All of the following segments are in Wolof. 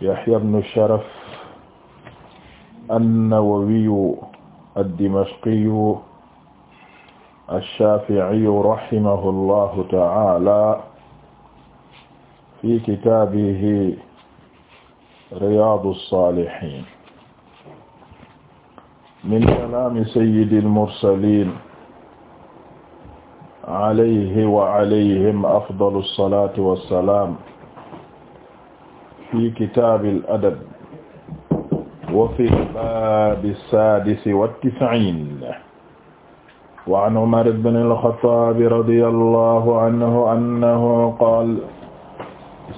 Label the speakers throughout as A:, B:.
A: Yahya ibn Sharaf an-Nawawiyu ad-Dimashqiyu ash-Shafi'iyu rahimahullahu ta'ala fi kitaabihi Riyaadu s-Saalihiin min kalaami sayyidil mursaliin alayhi wa alayhim afdalu s-salaatu wa s-salaam fi kitaabil adab wa fi baabi saadisi wa tis'iin wa an Umar ibn al-Khattaab radiyallahu anhu annahu qaala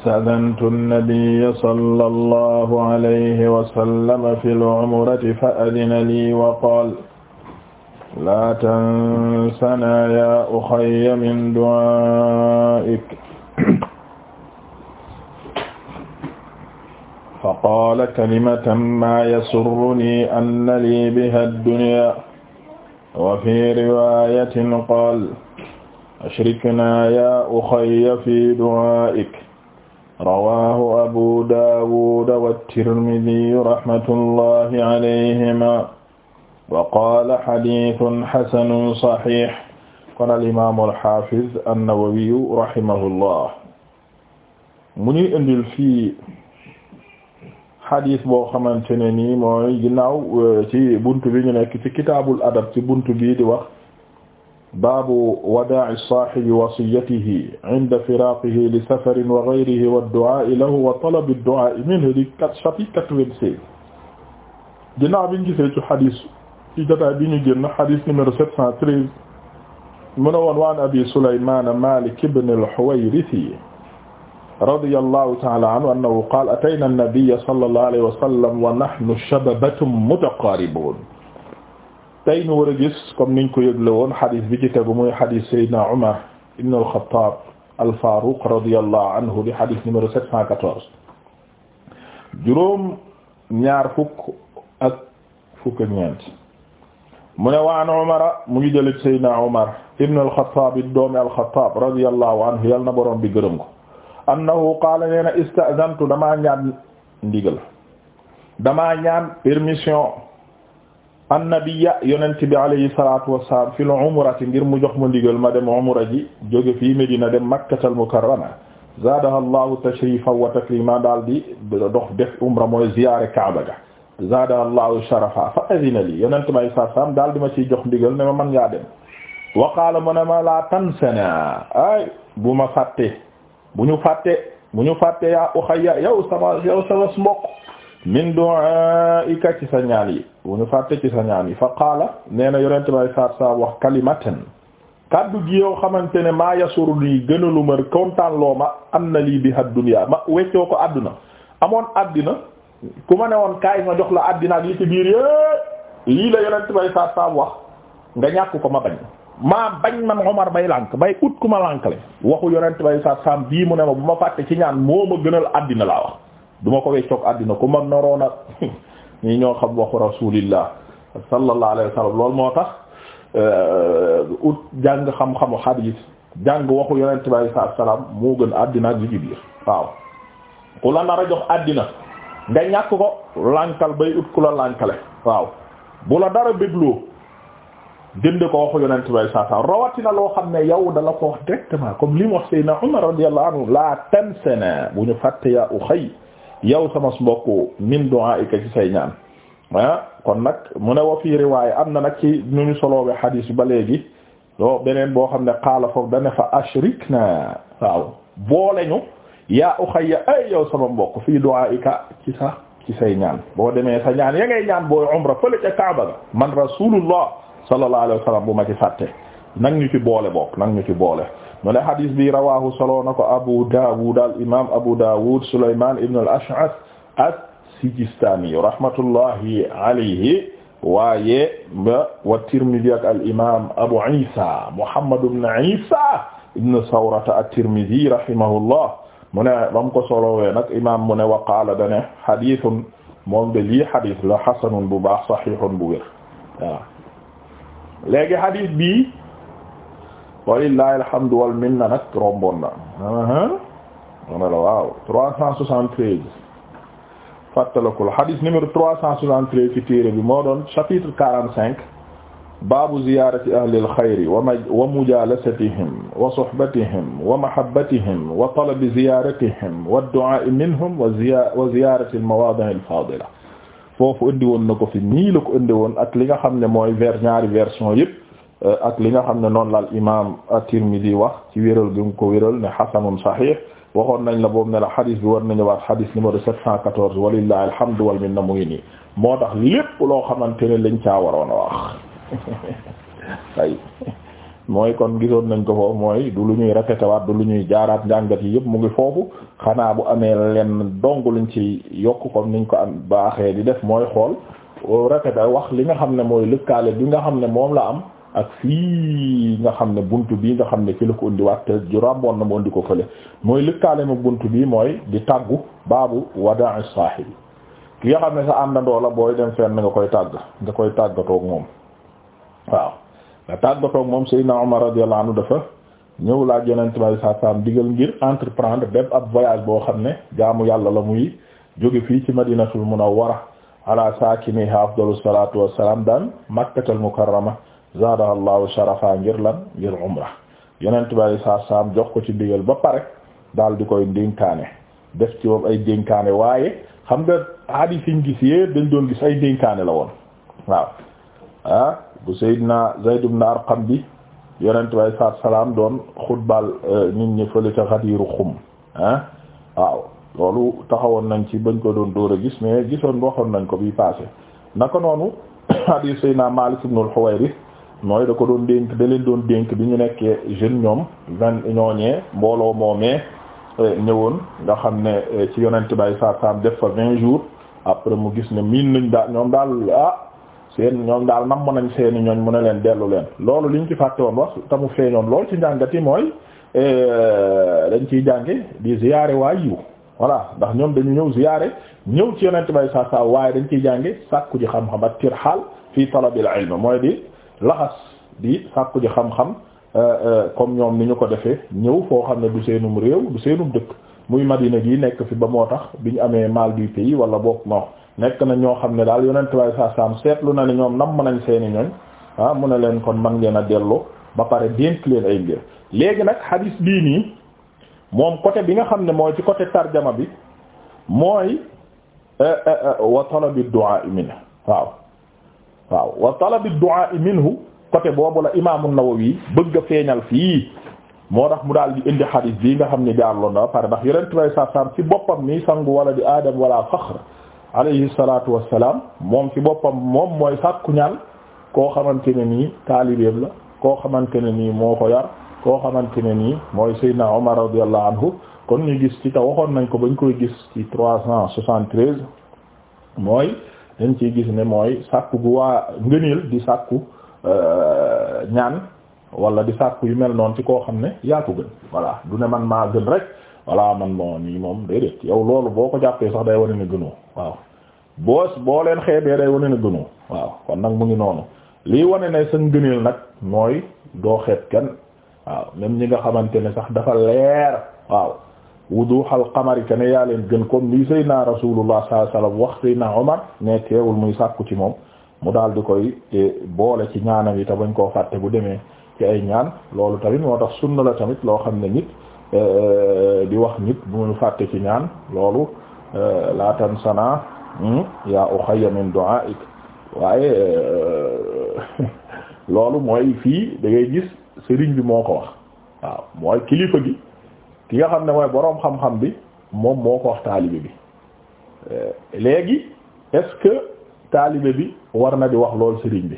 A: sta'dhantu an-nabiyya sallallahu alayhi wa sallam fil umrati fa-adhina lii wa qaala laa tansanaa yaa ukhayya min du'aa'ik فقال كلمة ما يسرني أن لي بها الدنيا وفي رواية قال أشركنا يا أخي في دعائك رواه أبو داود والترمذي رحمة الله عليهما وقال حديث حسن صحيح قال الإمام الحافظ النووي رحمه الله mu ñuy indil fii xadis boo xamante ne nii mooy ginnaaw euh, ci buntu bi ñu nekk ci kitaabul adab ci buntu bii di wax baabu wadaa'i saahibi wasiyatihi inda firaaqihi li safarin wa ghayrihi wa du'aa'i lahu wa talabi du'aa'i minhu di chapitre quatre-vingt-seize ginnaaw bi ñu gisee ci xadis ci jotaay bi ñu génn xadis numéro sept cent treize mu ne woon waan abi Sulaymaan Maalik ibn al-Huwayrisi radiyallahu ta'ala anhu annahu qaala atayna an-nabiyya sallallahu alayhi wa sallam wa nahnu shababatun mutaqaaribun tey nu war a gis comme niñ ko yëgle woon xadis bi ci tegu muy xadis Seydina Umar ibn al-Khattab al-Faruq radiyallahu anhu di xadis numéro 714 juróom ñaar fukk ak fukk ak ñeent mu ne waan Umar mu ngi jëlee Seydina Umar ibn al-Khattab doomi al-Khattab radiyallahu anhu yal na borom bi gërëm ko annahu qaala nee na istazantu ñaan ndigal damaa ñaan permission annabiya yonent bi alayhi salatu wassalam fil umrati ngir mu jox ma ndigal ma dem umra ji jóge Medina dem makkatal mukarrama zaadaha llahu tashrifan wa takrima daal di dox def umra mooy ziyaare kaaba ga zaadaha sharafa fa adina lii yonent bi alayhi salatu ma ciy jox ndigal ne ma mën ngaa wa qaala mu ne ma la tansana ay bu ma fàtte bu ñu fàtte bu ñu fàtte yaa uxayya yow sama yow sama mbokk min ci sa ñaan yi bu ñu fàtte ci sa ñaan yi fa qaala nee na yonente bay saat sa wax kalimatan kaddu gi yoo xamante ne maa yasuru nii lu ma kontaan loo ma am na lii bi had dunya ma weccoo ko àdduna amoon àddina ku ma ne woon kaay ma jox la àddina ak li ci biir yépp lii la yonent bay saat sa wax nga ñàkk ko ma bañ maa bañ man Omar bay lànk bay ut ku ma lànkale waxu yonent bay sa sam bii mu ne ma bu ma fàtte ci ñaan moo ma gënal àddina laa wax du ma ko weccoog àddina ku ma noroon a ñi ñoo xam waxu rasulillah sallallahu alayhi wa sallam loolu moo tax euh, ut jàng xam-xamu hadith jàng waxu yonent bay sa salaam moo gën àddina ak li waaw ku la nar a jox àddina nga ñàkk ko lànkal bay ut ku la lànkale waaw bu la dara bégloo jënd ko waxu yonent bay saa rawatina loo xam ne yow dala ko wax directement comme li mu wax Seydina Umar radiyallahu laa la tansana bu ñu fàtte yaa uxay yow sama mbokku min du'aika ci say ñaan ah, kon nag mu ne wa fii riwaaya am na nag ci nu ñu soloobe xadiis ba léegi beneen boo xam ne qaala foofu dane fa ashrikna waaw boole ñu yaa uxayya ay yow sama mbokk fii du'aika ci sa ci say ñaan boo demee sa ñaan ya ngay ñaan booy umra fële ca Kaaba man rasulullah sallallahu alayhi wa sallam bu ma ci fàtte nag ñu ci boole bokk nag ñu ci boole mu ne hadis bi rawahu solo na ko Abu Dawud al imam Abu Dawud Sulayman ibn al Ash'ath as-Sijistani rahmatullahi alayhi waaye ba wa Tirmidhi ak al imam Abu Isa Muhammad ibn Isa ibn Sawrata at-Tirmidhi rahimahullah mu ne ba mu ko solowee nag imam mu ne wa qaala dane hadithun moom de lii hadith la hasanun bu baax sahihun bu wér waaw léegi hadith bi walillahi alhamdu wal minna nag rombon na ma ne la waaw trois cent soixante-treize fàttalakul hadith numéro trois cent soixante-treize ci téere bi moo doon chapitre quarante-cinq baabu ziyaarati ahlil xayri wa ma wa mujaalasatihim wa suhbatihim wa mahabbatihim wa talabi ziyaaratihim wa du'aa'i minhum wa ziyaarati al mawaadi'il faadila foofu indi woon na ko fi nii la ko indi woon ak li nga xam ne mooy vers ñaari version yëpp euh, ak li nga xam ne noonu la al imaam at-Tirmidhi wax ci wéral gi mu ko wéral ne hasanun sahih waxoon nañ la boobu ne la xadis bi war na ñëwaat xadis numéro 714 walillahi alhamdu wal minna mu ngi nii moo tax lépp loo xamante ne lañ caa waroon a wax ay mooy kon gisoon nañ ko foofu mooy du lu ñuy répété waat du lu ñuy jaaraat njàngat yi yëpp mu ngi foofu xanaa bu amee leen dong luñ ci yokk comme niñ ko am baaxee di def mooy xool répété wax li nga xam ne mooy lëkkaale bi nga xam ne moom la am ak fii nga xam ne bunt bii nga xam ne ci la ko indiwaat te juróom na mu indi ko fële mooy lëkkaale ma bunt bii mooy di tàggu baabu wada'i saahibi ki nga xam ne sa àndandoo la booy dem fenn nga koy tàgg nga koy tàggatoog moom nga tàggatoo moom Seydina Omar radiyallahu anhu dafa ñëw laaj yonent bi sallallahu alayhi wasallam digal ngir entreprendre bépp ab voyage boo xam ne jaamu yàlla la muy jóge fii ci madinatul munawwara ala saakiniha afdalu salatu wassalam daan makkatal mukarrama zaadaha allahu sharafa ngir lan ngir umra yonent bi sallallahu alayhi wasallam jox ko ci digal ba pare daal di koy dénkaane def ci boobu ay dénkaane waaye xam nga hadith yi ñu gis yépp dañ doon gis ay dénkaane la woon waaw ah? bu naa Zayd ibn Arqam bi yonent bay saat salaam doon xutbal euh, nit ñi fële ca Xadiru Xum ah waaw loolu taxawoon nañ ci bañ ko doon dóor a gis mais gisoon waxoon nañ ko bi passé naka noonu hadiis Seydina Maalik ibn al-Huwayrith mooy da ko doon dénk da leen doon dénk bi ñu nekkee jeune ñoom vingt ñooñee mbooloo moomee euh, ñëwoon nga xam ne euh, ci yonent bay saat salaam def fa vingt jours après mu gis ne miin nañ daal ñoom daal ah seen ñoom daal nam mu nañ seeni ñooñ mu ne leen dellu leen loolu liñ ci fàtte woon wax te mu feeñoon lool ci njàngat yi mooy eh, dañ ciy jànge di ziyaare waa yiw voilà ndax ñoom dañu ñëw ziyaare ñëw ci yonent bay saa saa waaye dañ ciy jànge sàkku ji xam-xam ak tirxaal fii talabil ilm mooy di laxas di sàkku ji xam-xam eh, eh, comme ñoom ni ñu ko defee ñëw foo xam ne du seenum réew du seenum dëkk muy Madina gi nekk fi ba moo tax bi ñu amee mal du pays wala bokk nekk na ñoo xam ne daal yonent way saa saam seetlu na ne ñoom nam mën nañ seeni ñoñ ah mu ne leen kon man ngeen a dellu ba pare dénk leen ay mbir léegi nag hadis bii nii moom côté bi nga xam ne mooy ci côté tarjama bi mooy eh, eh, eh, wa talabi du'a minhu waaw waaw wa talabi du'a minhu côté boobu la imaam an-Nawawi bëgg a feeñal fii moo tax mu daal di indi hadis bii nga xam ne jaarloon na ba pare ndax yonent way ci boppam nii sangu wala di aadam walaa faxr alayhi salaatu wassalaam moom ci boppam moom mooy sàkku ñaan koo xamante ne nii taalibeem la koo xamante ne nii moo ko yar koo xamante ne nii mooy Seydina Omar radiyallahu anhu kon ñu gis ci te waxoon nañ ko bañ koy gis ci trois cent soixante-treize mooy dañ ci gis ne mooy sàkku gu waa ngëneel di sàkku euh, ñaan wala di sàkku yu mel noonu ci koo xam ne yaa ko gën voilà du ne man maa gën rek voilà man moo nii moom déedéet yow loolu boo ko jàppee sax day wane ne gënoo waaw boos boo leen xeebee day wone na gënoo waaw kon nag mu ngi noonu lii wane ne sa ngëneel nag mooy doo xeeb kenn waaw même ñi nga xamante ne sax dafa leer waaw xal qamari ne yaa leen gën comme lii Seydina Rasulullah sallallahu alayhi wasallam wax naa Omar ne teewul muy sàkku ci moom mu daal di koy eh, boole ci ñaanam yi te bañ koo fàtte bu demee ci ay ñaan loolu tamit moo tax sunna la tamit loo xam ne nit eh, di wax nit bu mu fàtte ci ñaan loolu eh, laataan sanaa. Hmm? yaa uxayya waaye euh, loolu mooy fii dangay gis sëriñ bi moo ko wax waaw mooy kilifa gi ki nga xam ne mooy boroom xam-xam bi moom moo ko wax taalibe bi euh, léegi est-ce bi war na di wax lool sëriñ bi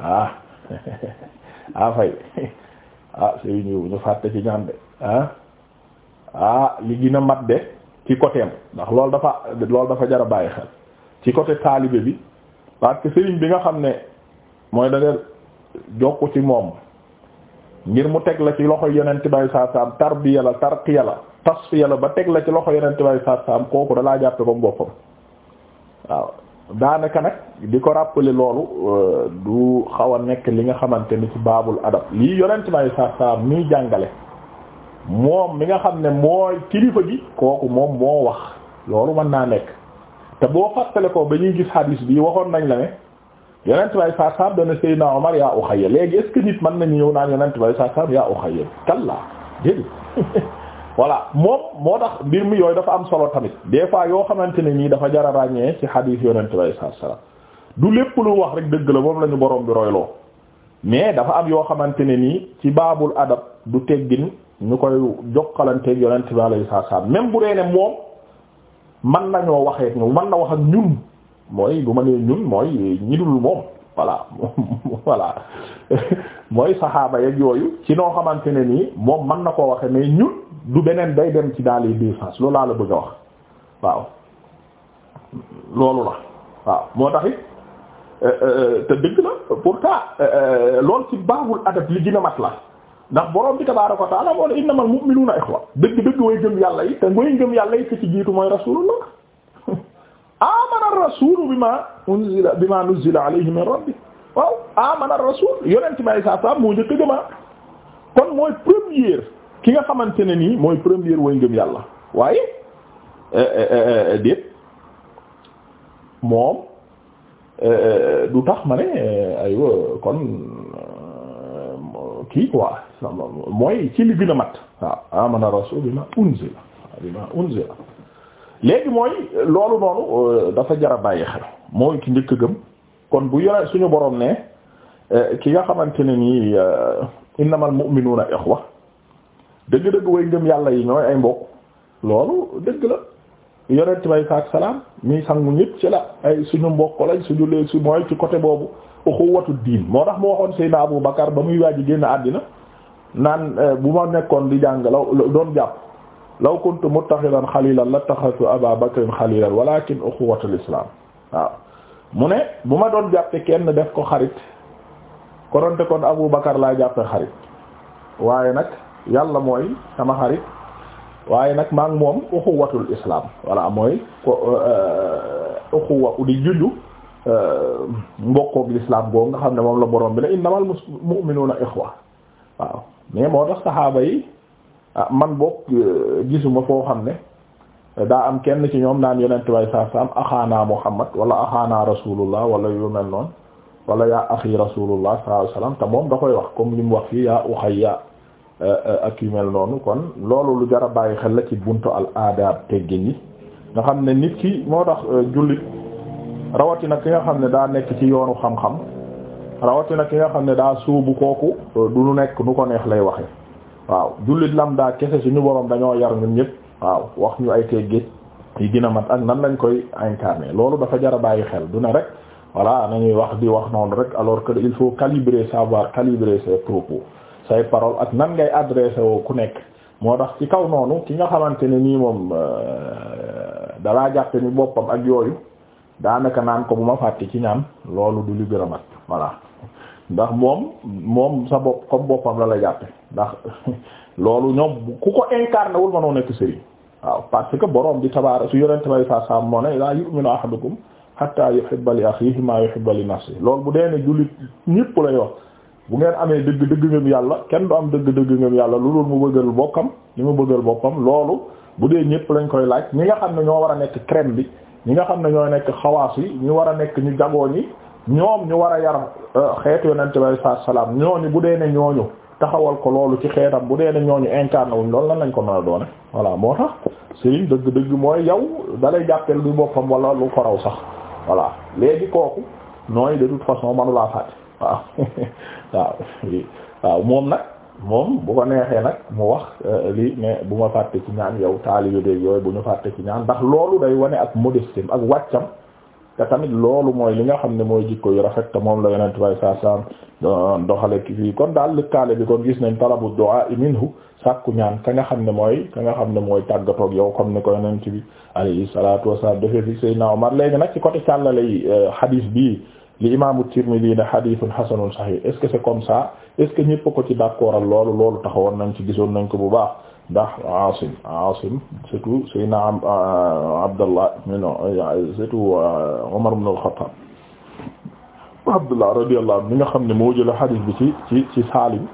A: ah ah fay ah sëriñ bi ñu fàtte ci ñaan de ah, ah li gën a mat de ci côté ndax loolu dafa loolu dafa jar a bàyyi xel ci côté taalibe bi parce que sëriñ bi nga xam ne mooy da nga jokku ci moom ngir mu teg la ci loxo yonent bay saa saam tarbiya la tarqiya la tasfiya la ba teg la ci loxo yonent bay saa saam kooku dalaa jàppe ba mu boppam waaw daanaka nag di ko rappeler loolu euh, du xaw a nekk li nga xamante ni ci baabul adab lii yonent bay saa saam muy jàngale. moom mi nga xam ne mooy kilifa gi kooku moom moo wax loolu mën naa nekk te boo fàttale ko ba ñuy gis hadis bi waxoon nañ la ne yonent bay saasab dana Seydina Omar yaa Uxayya léegi est ce que nit mën nañu ñëw naan yonent bay saasab yaa Uxayya kallaa jël voilà moom moo tax mbir mi yooyu dafa am solo tamit des fois yoo xamante ne nii dafa jar a ràññee ci hadis yonent bay saasab du lépp lu wax rek dëgg la moom la ñu borom bi royloo mais dafa am yoo xamante ne nii ci baabul adab du teggin ñu koy jokkalanteeg yonent bi alayhi salaam même bu dee ne moom man nañoo waxee man na wax ak ñun mooy bu ma nee ñun mooy ñi dul moom voilà voilà mooy saxaaba yeeg yooyu ci noo xamante ne nii moom man na koo waxee ne ñun du beneen day dem ci daal yi sens loolu laa la bëgg a wax waaw loolu la waaw moo tax it euh, euh, te dëgg la pourtant euh, loolu ci baabul adab li gën a mat la. ndax borom bi tabaaraka wa moo ne innamal mu'minuuna ixwa dëgg dëgg way gëm yàlla yi te ngoy gëm yàlla yi fi ci jiitu mooy rasulullah amana ar-rasuulu bimaa unzila bimaa nuzzila alayhi rabbi waaw amana ar-rasuul yonent saa saa moo njëkk a gëm kon mooy première ki nga xamante ne nii mooy première way gëm yàlla waaye eh, eh, eh, déet moom du tax ma ne kon. kii quoi mooy ci li gën a waaw amana rasul bima unzila bima unzila léegi mooy loolu noonu euh, dafa jar a bàyyi xel mooy ki njëkk gëm kon bu yore suñu borom ne euh, ki nga xamante ne nii euh, innamal mu'minuna ikhwa dëgg-dëgg way ngëm yàlla yi ñooy ay mbokk loolu dëgg la yonent bay saak salaam mi sangu ñëpp ci la ay suñu mbokk la suñu lee su mooy ci côté boobu uxuwatu diin moo tax mu waxoon Seydina Abu Bakar ba muy waaj génn àddina naan eh, bu ma nekkoon di jàng law doon jàpp law kuntu muttaxidan xalilan lattaxatu Aba Bakrin xalilan walakin uxuwatul islam waaw mu ne bu ma doon jàppe kenn def ko xarit koronte kon Abu Bakar laa jàppe xarit waaye nag yàlla mooy sama xarit waaye nag maa ngi moom uxuwatul islam voilà mooy ko eh, uxuwa di jullu Euh, mbokkook l'islam googu nga xam ne moom la borom bi ne innamal mu'minuna ikhwa waaw mais moo tax saxaaba yi ah man bokk euh, gisuma foo xam ne daa am kenn ci ñoom naan yonent way saa saam axaana muhammad wala axaana rasulullah wala yu mel noonu wala yaa axi rasulullah sallallahu alayhi wasallam te moom da koy wax comme li mu wax fii yaa uxayya euh, ak yu mel noonu kon loolu lu jar a bàyyi xel la ci buntu al aadaab teggin yi nga xam ne nit ki moo tax jullit rawatina ki nga xam ne daa nekk ci yoonu xam-xam rawatina ki nga xam ne daa suubu kooku euh, du nu nekk nu ko neex lay waxe waaw jullit lam daa kese suñu borom dañoo yar ñun ñëpp waaw wax ñu ay teggee yi gën a ak nan lañ koy incarner loolu dafa jar a bàyyi xel du ne rek voilà nañuy wax di wax noonu rek alors que il faut calibrer savoir calibrer see propos say paroles ak nan ngay adresser woo ku nekk moo tax ci kaw noonu ki nga xamante ne nii moom euh, dalaa jàppe ni boppam ak yooyu daanaka naan ko bu ma fàtte ci ñaan loolu du li gën a mat voilà ndax moom moom sa bopp comme boppam la la jàppe ndax loolu ñoom ku ko incarné wul mënoo nekk sëriñ waaw parce que borom bi tabaar su yonente bay saa sam moo ne laa yu'minu ahadukum hatta yuhibba li akhihi ma yuhibba li nafsihi loolu bu dee ne jullit ñëpp la yoon bu ngeen amee dëgg dëgg ngëm yàlla kenn du am dëgg dëgg ngëm yàlla lu dul mu bëggal boppam li mu bëggal boppam loolu bu dee ñëpp lañ koy laaj ñi nga xam ñoo war a nekk crème bi ñi nga xam ne ñoo nekk xawaas yi ñu war a nekk ñu jagoo ñi ñoom ñu war a yar euh, xeetu yonente bi saa salaam ñooñu bu dee ne ñooñu taxawal ko loolu ci xeetam bu dee ne ñooñu incarné wuñ loolu lan lañ ko mën a doone voilà moo tax sëriñ dëgg-dëgg mooy yow dalay jàppel du boppam wala lu ko raw sax voilà léegi kooku nooy de toute façon manulaa fàtte waaw waaw waaw moom nag moom bu ko neexee nag mu wax euh, lii mais bu ma fàtte ci ñaan yow taalibe beeg yooyu bu ñu fàtte ci ñaan ndax loolu day wane ak modestim ak wàccam te tamit loolu mooy li nga xam ne mooy jikko yu rafet te moom la yonent bay saa saam doxale ki fii kon daal lëkkaale bi kon gis nañ talabu du'a minhu sàkku ñaan ka nga xam ne mooy ka nga xam ne mooy tàggatook yow comme ni ko yonent bi alayhi salatu wassalam dafe fi Seydina Omar léegi nag ci côté càllale yi euh, bii li imaamu Tirmidhi ne hadithun hasanun sahih est-ce que c'est comme ça est que ñëpp ko ci d'accordal loolu loolu taxawoon nañ ci gisoon nañ ko bu baax ndax Asim Asim surtout Seydina euh, Abdallah non euh, surtout Umar euh, ibn al-Khattab Abdallah radiyallahu mi nga xam ne moo jële hadith bi ci ci ci Salim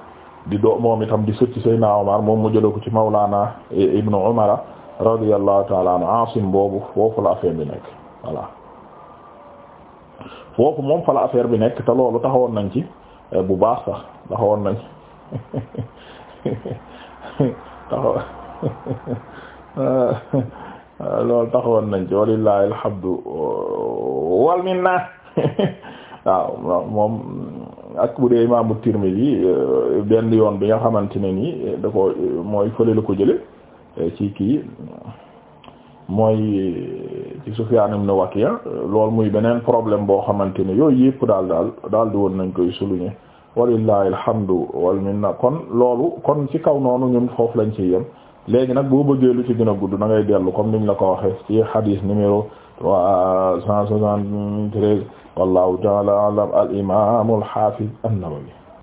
A: di doo moom itam di sëtti Seydina Umar moom mu jële ko ci Mawlana eh, Ibnu Umar radiyallahu ta'ala anhu Asim boobu foofu la affaire nekk foofu moom fa la affaire bi nekk te loolu taxawoon nañ ci eh, bu baax sax taxawoon nañ taxaw loolu taxawoon nañ ci walillahi alhamdu wal minna waaw moom ak bu dee imaamu Tirmidhi eh, benn yoon bi nga xamante ne nii eh, da mooy fële la ko jële ci kii mooy ci Sufyaan ibn Waki' lool muy beneen problème boo xamante ne yooyu yëpp daal daal daal di woon nañ koy souligner walillahi alhamdu wal minna kon loolu kon ci kaw noonu ñun foofu lañ ci yem léegi nag boo bëggee lu ci gën a gudd da ngay dellu comme niñ la ko waxee ci hadith numéro trois cent soixante-treize wallahu ta'ala a'lam al imam al hafiz an-Nawawi